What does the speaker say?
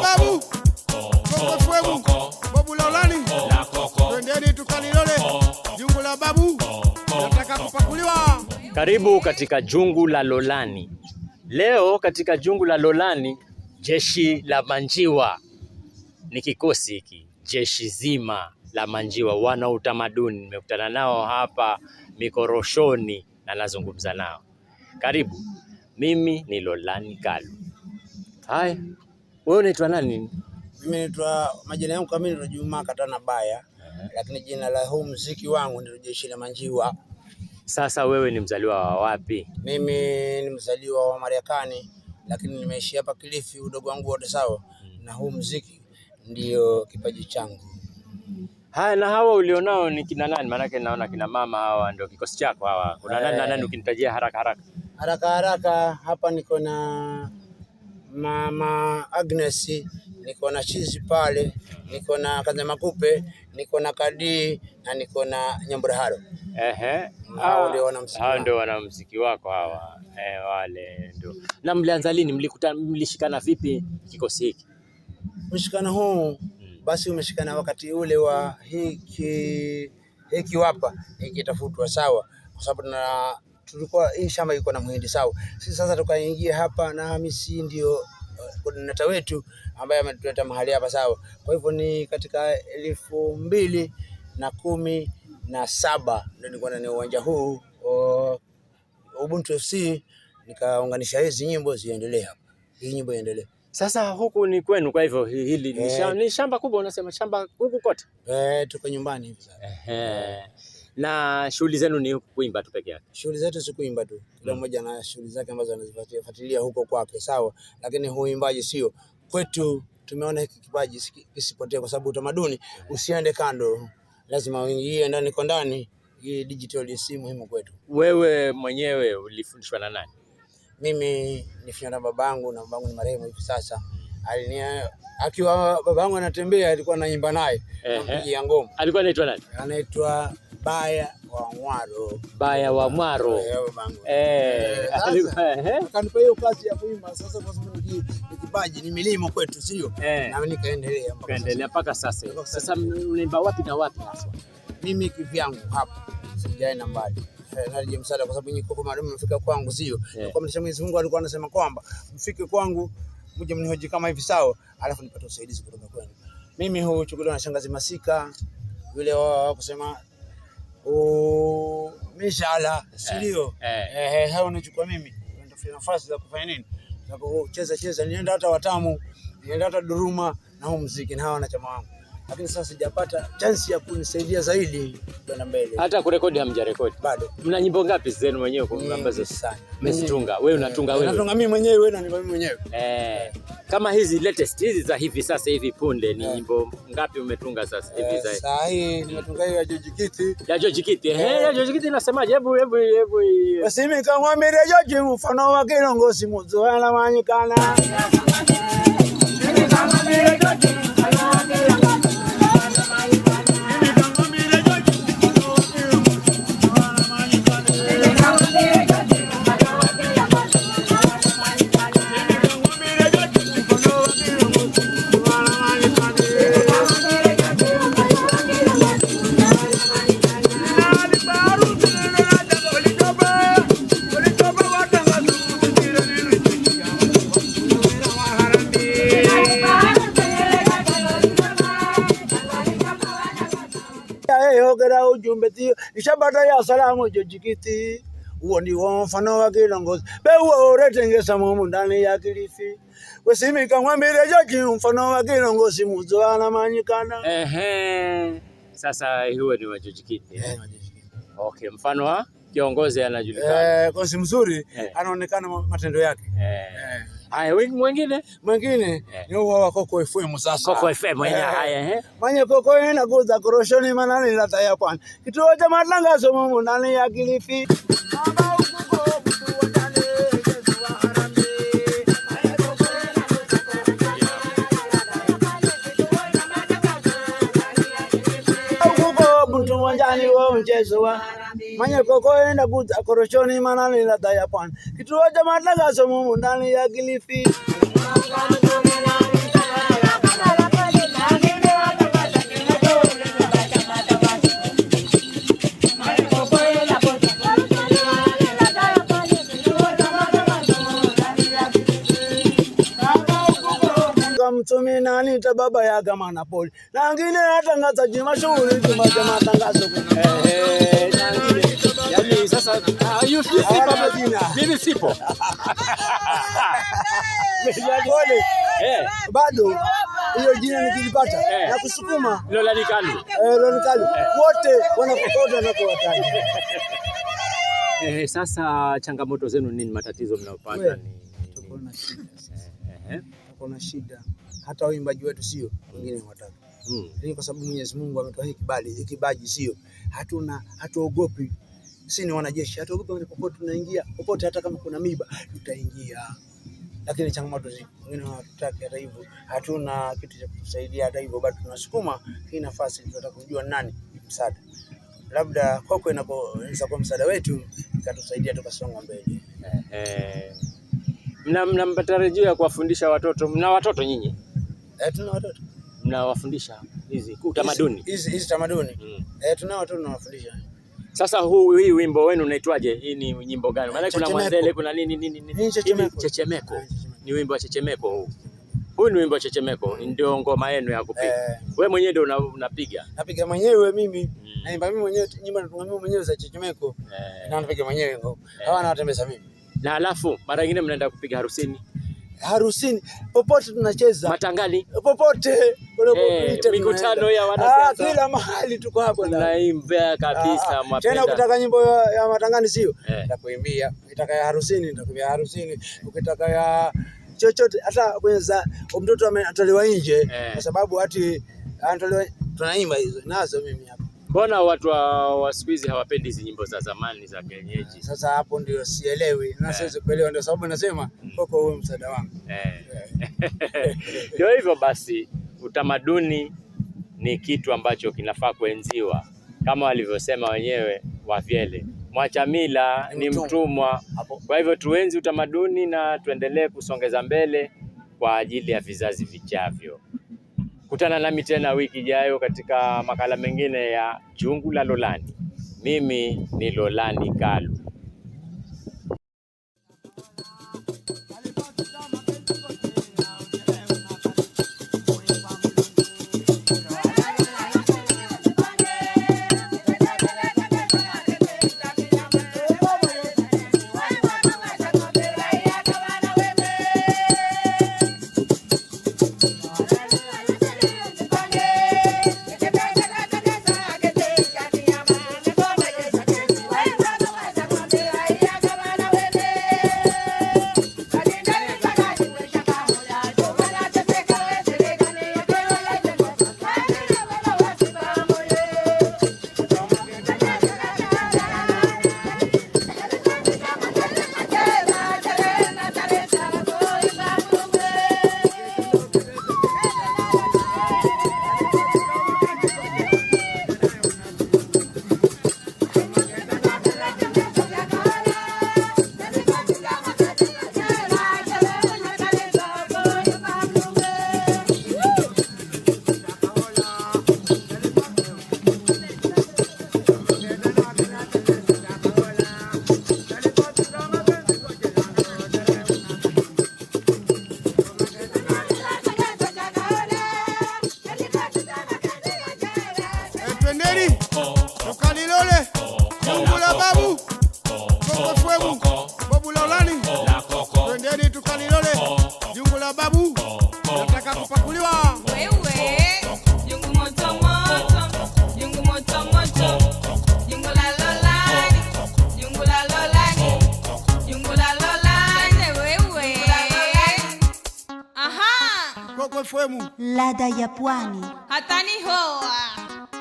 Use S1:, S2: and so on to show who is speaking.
S1: jungu Karibu katika jungu la Lolani. Leo katika jungu la Lolani, jeshi la manjiwa ni kikosi hiki, jeshi zima la manjiwa, wana utamaduni. Nimekutana nao hapa mikoroshoni na nazungumza nao. Karibu, mimi ni Lolani Kalu. Haya. Wewe unaitwa nani?
S2: Mimi naitwa majina yangu kamili ni Juma Katana Baya, lakini jina la huu muziki wangu ni Jeshi la Manjiwa.
S1: Sasa wewe ni mzaliwa wa wapi?
S2: Mimi ni mzaliwa wa Marekani, lakini nimeishi hapa Kilifi udogo wangu wote sawa, hmm. na huu muziki ndio kipaji changu.
S1: Haya, na hawa ulionao ni kina nani? Maanake naona kina mama hawa ndio kikosi chako hawa. Kuna nani na nani eh. ukinitajia haraka haraka?
S2: Haraka haraka hapa niko na mama Agnes, niko na chizi pale, niko na kanza makupe, niko na kadii na niko na nyamburaharo. Ehe, hao ah, ndio wanamziki,
S1: hao ndio wanamziki wako hawa. Eh, wale ndio. Na mlianza lini? Mlikutana, mlishikana vipi kikosi hiki?
S2: Mshikana huu hmm. basi umeshikana wakati ule wa hiki hiki wapa ikitafutwa, sawa, kwa sababu na tulikuwa hii shamba ilikuwa na muhindi sawa. Sisi sasa tukaingia hapa na Hamisi ndio koordinata uh, wetu ambaye ametuleta mahali hapa sawa. Kwa hivyo ni katika elfu mbili na kumi na saba ndio nilikuwa ni uwanja huu uh, Ubuntu FC nikaunganisha hizi nyimbo ziendelee hapa, hii nyimbo iendelee.
S1: Sasa huku ni kwenu, kwa hivyo hili eh. ni shamba kubwa, unasema shamba huku kote
S2: eh, tuko nyumbani hivi
S1: sasa na shughuli zenu ni kuimba tu peke yake?
S2: Shughuli zetu si kuimba tu, kila mm. mmoja mm. na shughuli zake ambazo anazifuatilia huko kwake, sawa. Lakini huimbaji sio kwetu, tumeona hiki kipaji kisipotee, kwa sababu utamaduni usiende kando, lazima uingie ndani kwa ndani. Hii digital si muhimu kwetu.
S1: Wewe mwenyewe ulifundishwa na nani?
S2: Mimi nifanya na babangu, na babangu ni marehemu hivi sasa. Mm. Alinia, akiwa babangu anatembea alikuwa anaimba naye, mpigia ngoma.
S1: Alikuwa anaitwa nani?
S2: Anaitwa Baya wa Mwaro.
S1: Baya wa Mwaro. Eh,
S2: eh, eh, eh. akanipa hiyo kazi ya kuimba. Sasa kwa sababu ni kipaji ni milimo kwetu, sio? eh? Na nikaendelea mpaka
S1: kaendelea mpaka sasa. Sasa unaimba wapi na wapi hasa?
S2: Mimi kivyangu hapa sijaenda mbali naje msaada kwa sababu nyiko kama mfika kwangu, sio? Kwa mtisha Mwenyezi Mungu alikuwa anasema kwamba mfike kwangu mje mnihoji kama hivi sawa, alafu nipate usaidizi kutoka kwenu. Mimi huchukuliwa na shangazi Masika yule wa kusema mishala eh, si Eh, Eh, hao eh, unachukua mimi nitafuta nafasi za kufanya nini, za kucheza cheza, nienda hata watamu, nienda hata Duruma na huu muziki na hawa wanachama wangu lakini sasa sijapata chance ya kunisaidia zaidi kwenda mbele.
S1: Hata kurekodi hamjarekodi bado? Mna nyimbo ngapi zenu wenyewe ambazo mmezitunga? Wewe unatunga eh,
S2: wewe? Natunga mimi mwenyewe, wewe unaimba mimi mwenyewe.
S1: Eh, kama hizi latest hizi za hivi sasa hivi punde ni eh. nyimbo ngapi umetunga sasa hivi eh, za hivi?
S2: sasa hii? Nimetunga hiyo ya George Kiti.
S1: Ya George Kiti. Eh, ya George Kiti nasemaje? Hebu hebu hebu.
S2: Basi mimi kama mimi George mfano wa kilongozi mzuri anamanyikana. Mimi kama mimi George ogera ujumbe tio ishabata ya salamu jojikiti huo ndio mfano wa kilongozi beuoretengesa mumu ndani ya Kilifi wesimika mwambile jaki mfano wa kilongozi muzo anamanyikana.
S1: Ehe, sasa huo ni wajojikiti eh? eh okay, mfano wa kiongozi
S2: anajulikana eh, kosi mzuri eh, anaonekana matendo yake
S1: eh. Eh. Haya, wingi mwingine
S2: mwingine eh. ni huo wa Coco FM sasa.
S1: Coco FM eh, haya eh.
S2: Manye Coco ina kuza koroshoni maana ni lata Kituo cha matangazo mumu ndani ya Kilifi. Mama wa ndani wa harambee. Coco ina kuza koroshoni maana ni lata రోజు మాట్లాడాసము ya ఎగిలిపి mtumi nani ta baba ya kama na poli nangine hata ngata jima shughuli juma jama
S1: tangazo yani sasa ah, hiyo mimi sipo
S2: yaani, eh. yaani, yaani, bado hiyo jina nikilipata eh. eh, na kusukuma lolanikali lolanikali wote wanakokoda na kuwatani.
S1: Eh, sasa changamoto zenu nini? Matatizo mnayopata ni
S2: tuko na shida sasa. tuko na shida hata waimbaji wetu sio wengine mm. watatu mm. lakini Kwa sababu Mwenyezi Mungu ametupa hiki kibali, hiki kibaji sio, hatuna hatuogopi sisi ni wanajeshi, hatuogopi popote, tunaingia popote, hata kama kuna miba tutaingia, lakini changamoto zipo, wengine hawatutaki. Hata hivyo hatuna kitu cha kutusaidia, hata hivyo bado tunasukuma hii nafasi, tunataka kujua nani msaada, labda kwako inaweza kuwa msaada wetu ikatusaidia tukasonga mbele.
S1: Eh, mna mna matarajio ya kuwafundisha watoto? Mna watoto nyinyi?
S2: Eh, tuna watoto.
S1: Mnawafundisha hizi utamaduni
S2: hizi hizi tamaduni? Mm. Eh, tunao watoto tunawafundisha
S1: sasa huu hii wimbo wenu unaitwaje? Hii ni nyimbo gani? Maana kuna mwanzele, kuna nini nini nini. Chechemeko ni wimbo wa chechemeko huu. Huu ni wimbo wa chechemeko, ndio ngoma yenu ya kupiga. Eh. Wewe mwenyewe ndio unapiga?
S2: Napiga mwenyewe mimi, hmm. naimba mimi mwenyewe, nyimbo natunga mimi mwenyewe za chechemeko, eh. na napiga mwenyewe ngoma, eh. hawana watembeza mimi.
S1: Na alafu mara nyingine mnaenda kupiga harusini
S2: harusini, popote tunacheza, matangali, popote
S1: unapopita, eh, mikutano ya
S2: wanasiasa, ah, kila mahali tuko hapo,
S1: naimba ah, kabisa ah, mapenda.
S2: Tena ukitaka nyimbo ya matangani, sio eh. nitakuimbia, ukitaka ya harusini nitakuimbia harusini, ukitaka ya chochote, hata kwenye mtoto ametolewa nje eh. kwa sababu ati anatolewa, tunaimba hizo nazo mimi
S1: Mbona watu wa siku hizi hawapendi hizi nyimbo za zamani za kienyeji?
S2: Sasa hapo ndio sielewi na eh. siwezi kuelewa, ndio sababu nasema mm. koko huo msaada wangu.
S1: Eh. Ndio hivyo basi, utamaduni ni kitu ambacho kinafaa kuenziwa kama walivyosema wenyewe wavyele, mwacha mila ni mtumwa. Kwa hivyo tuenzi utamaduni na tuendelee kusongeza mbele kwa ajili ya vizazi vijavyo. Kutana nami tena wiki ijayo katika makala mengine ya Jungu la Lolani. Mimi ni Lolani Kalu. ole jungula babu kokofwemu bobulolani twendeni tukalilole jungu la babu nataka kupakuliwa wewe jungu motomoto jungu motomoto Lada ya Pwani. Hatani hoa.